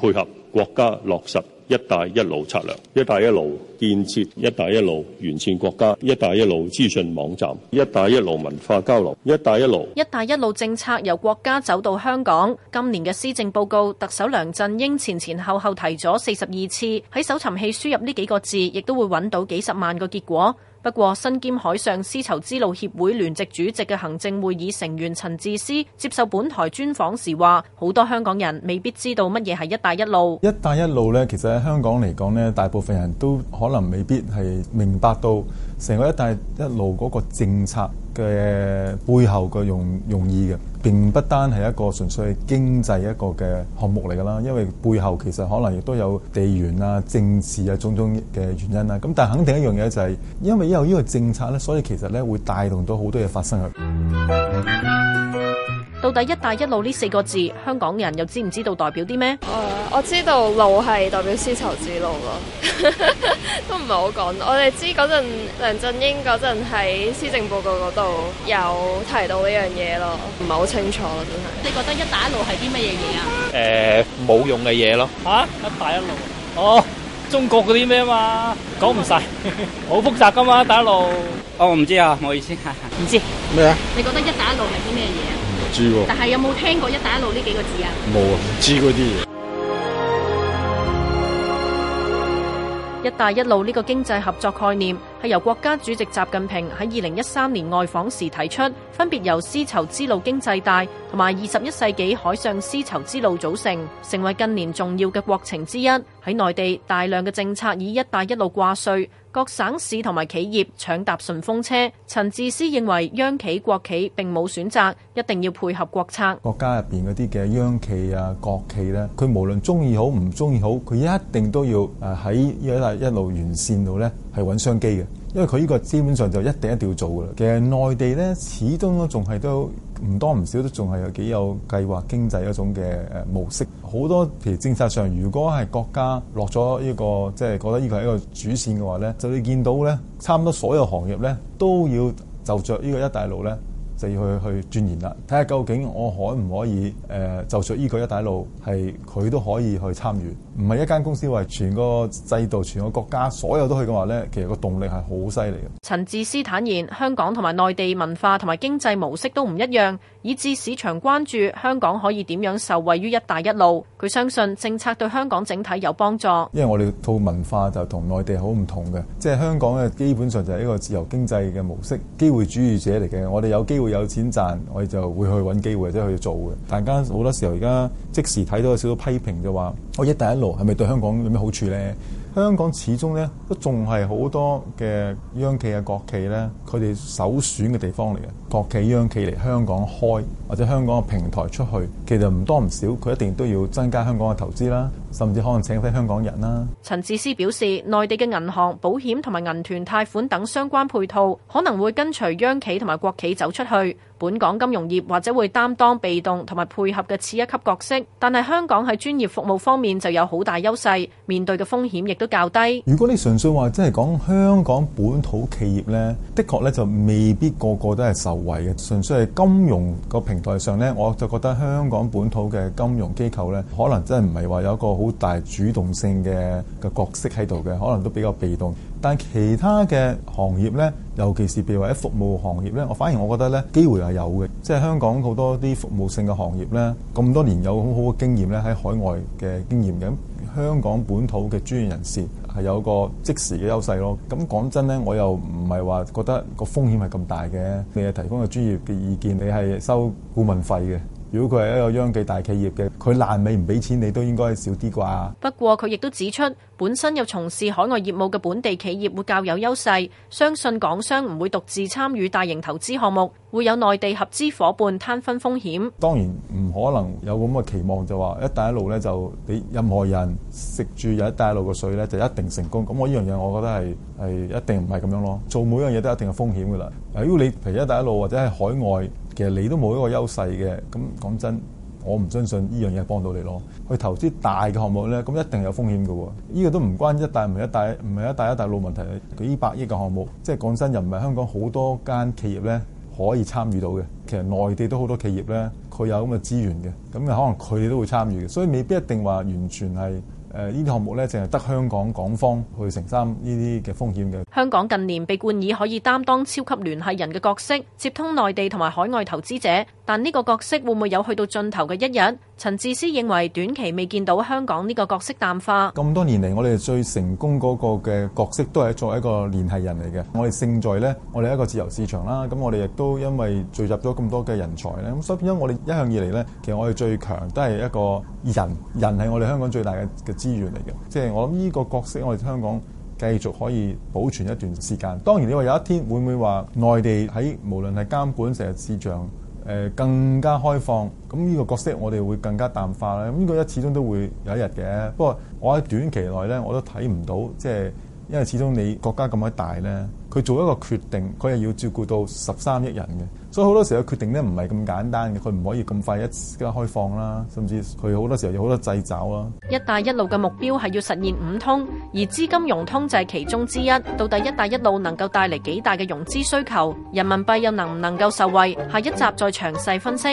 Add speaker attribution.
Speaker 1: 配合國家落實「一帶一路」策略，「一帶一路」建設，「一帶一路」完善國家「一帶一路」資訊網站，「一帶一路」文化交流，「一帶一路」。
Speaker 2: 「一帶一路」政策由國家走到香港。今年嘅施政報告，特首梁振英前前後後提咗四十二次。喺搜尋器輸入呢幾個字，亦都會揾到幾十萬個結果。不過，身兼海上絲綢之路協會聯席主席嘅行政會議成員陳智思接受本台專訪時話：好多香港人未必知道乜嘢係一帶一路。
Speaker 1: 一帶一路咧，其實喺香港嚟講咧，大部分人都可能未必係明白到成個一帶一路嗰個政策嘅背後嘅用用意嘅，並不單係一個純粹係經濟一個嘅項目嚟㗎啦，因為背後其實可能亦都有地緣啊、政治啊、種種嘅原因啦、啊。咁但係肯定一樣嘢就係，因為有呢個政策咧，所以其實咧會帶動到好多嘢發生嘅。
Speaker 2: 到底“一帶一路”呢四個字，香港人又知唔知道代表啲咩？誒，uh, 我知道“路”係代表絲綢之路咯， 都唔係好講。我哋知嗰陣梁振英嗰陣喺施政報告嗰度有提到呢樣嘢咯，唔係好清楚，真係。你覺得一帶一、呃啊“一帶一路”
Speaker 1: 係啲乜嘢嘢啊？誒，冇用嘅嘢
Speaker 2: 咯，吓？一帶一路？哦，中國嗰啲咩嘛，講唔晒，好 複雜噶嘛，一帶一路。哦，我唔知啊，唔好意思。唔知咩啊？麼你覺得“一帶一路”係啲咩嘢？但係有冇聽
Speaker 1: 過“一帶一路”呢幾個字啊？冇啊，唔知嗰啲嘢。“一
Speaker 2: 帶一路”呢個經濟合作概念係由國家主席習近平喺二零一三年外訪時提出，分別由絲綢之路經濟帶同埋二十一世紀海上絲綢之路組成，成為近年重要嘅國情之一。喺內地，大量嘅政策以“一帶一路”掛帥。各省市同埋企業搶搭順風車。陳智思認為，央企國企並冇選擇，一定要配合國策。
Speaker 1: 國家入邊嗰啲嘅央企啊、國企咧，佢無論鍾意好唔鍾意好，佢一定都要誒喺一一路完善度咧，係搵商機嘅。因為佢呢個基本上就一定一定要做嘅喇，其實內地咧始終都仲係都唔多唔少都仲係有幾有計劃經濟嗰種嘅誒模式，好多譬如政策上，如果係國家落咗呢個即係、就是、覺得呢個係一個主線嘅話咧，就你見到咧，差唔多所有行業咧都要就着呢個一帶一路咧，就要去去鑽研啦，睇下究竟我可唔可以誒、呃、就算依個一帶一路係佢都可以去參與，唔係一間公司或全個制度，全個國家所有都去嘅話咧，其實個動力係好犀利嘅。
Speaker 2: 陳智思坦言，香港同埋內地文化同埋經濟模式都唔一樣，以致市場關注香港可以點樣受惠於一帶一路。佢相信政策對香港整體有幫助。
Speaker 1: 因為我哋套文化就同內地好唔同嘅，即、就、係、是、香港嘅基本上就係一個自由經濟嘅模式，機會主義者嚟嘅。我哋有機會。有錢賺，我哋就會去揾機會，或者去做嘅。大家好多時候而家即時睇到有少少批評，就話：「我一帶一路係咪對香港有咩好處咧？」香港始終咧都仲係好多嘅央企啊國企咧，佢哋首選嘅地方嚟嘅，國企央企嚟香港開或者香港嘅平台出去，其實唔多唔少，佢一定都要增加香港嘅投資啦，甚至可能請返香港人啦。
Speaker 2: 陳智思表示，內地嘅銀行、保險同埋銀團貸款等相關配套，可能會跟隨央企同埋國企走出去。本港金融業或者會擔當被動同埋配合嘅次一級角色，但係香港喺專業服務方面就有好大優勢，面對嘅風險亦都較低。
Speaker 1: 如果你純粹話即係講香港本土企業咧，的確咧就未必個個都係受惠嘅。純粹係金融個平台上咧，我就覺得香港本土嘅金融機構咧，可能真係唔係話有一個好大主動性嘅嘅角色喺度嘅，可能都比較被動。但其他嘅行業呢，尤其是譬如話服務行業呢，我反而我覺得呢機會係有嘅，即係香港好多啲服務性嘅行業呢，咁多年有好好嘅經驗呢，喺海外嘅經驗咁，香港本土嘅專業人士係有個即時嘅優勢咯。咁、嗯、講真呢，我又唔係話覺得個風險係咁大嘅，你係提供嘅專業嘅意見，你係收顧問費嘅。如果佢係一個央企大企業嘅，佢爛尾唔俾錢，你都應該少啲啩。
Speaker 2: 不過佢亦都指出，本身有從事海外業務嘅本地企業會較有優勢，相信港商唔會獨自參與大型投資項目，會有內地合資伙伴攤分風險。
Speaker 1: 當然唔可能有咁嘅期望，就話一帶一路咧，就俾任何人食住有一帶一路嘅水咧，就一定成功。咁我依樣嘢，我覺得係係一定唔係咁樣咯。做每樣嘢都有一定嘅風險㗎啦。如果你譬如一帶一路或者係海外。其實你都冇一個優勢嘅，咁講真，我唔相信呢樣嘢幫到你咯。去投資大嘅項目咧，咁一定有風險嘅喎。依、這個都唔關一帶唔係一帶唔係一帶一帶路問題。幾百億嘅項目，即係講真，又唔係香港好多間企業咧可以參與到嘅。其實內地都好多企業咧，佢有咁嘅資源嘅，咁可能佢哋都會參與嘅。所以未必一定話完全係。誒，呢啲項目咧，淨係得香港港方去承擔呢啲嘅風險嘅。
Speaker 2: 香港近年被冠以可以擔當超級聯繫人嘅角色，接通內地同埋海外投資者，但呢個角色會唔會有去到盡頭嘅一日？陳智思認為短期未見到香港呢個角色淡化。
Speaker 1: 咁多年嚟，我哋最成功嗰個嘅角色都係作為一個聯繫人嚟嘅。我哋勝在呢，我哋一個自由市場啦。咁我哋亦都因為聚集咗咁多嘅人才呢。咁所以變咗，我哋一向以嚟呢，其實我哋最強都係一個人。人係我哋香港最大嘅嘅資源嚟嘅。即係我諗呢個角色，我哋香港繼續可以保存一段時間。當然，你話有一天會唔會話內地喺無論係監管成日市場？誒更加開放，咁呢個角色我哋會更加淡化咧。呢個一始終都會有一日嘅，不過我喺短期內咧，我都睇唔到，即係因為始終你國家咁鬼大咧。佢做一個決定，佢係要照顧到十三億人嘅，所以好多時候決定咧唔係咁簡單嘅，佢唔可以咁快一時間開放啦，甚至佢好多時候有好多掣肘啦。一
Speaker 2: 帶一路嘅目標係要實現五通，而資金融通就係其中之一。到底一帶一路能夠帶嚟幾大嘅融資需求？人民幣又能唔能夠受惠？下一集再詳細分析。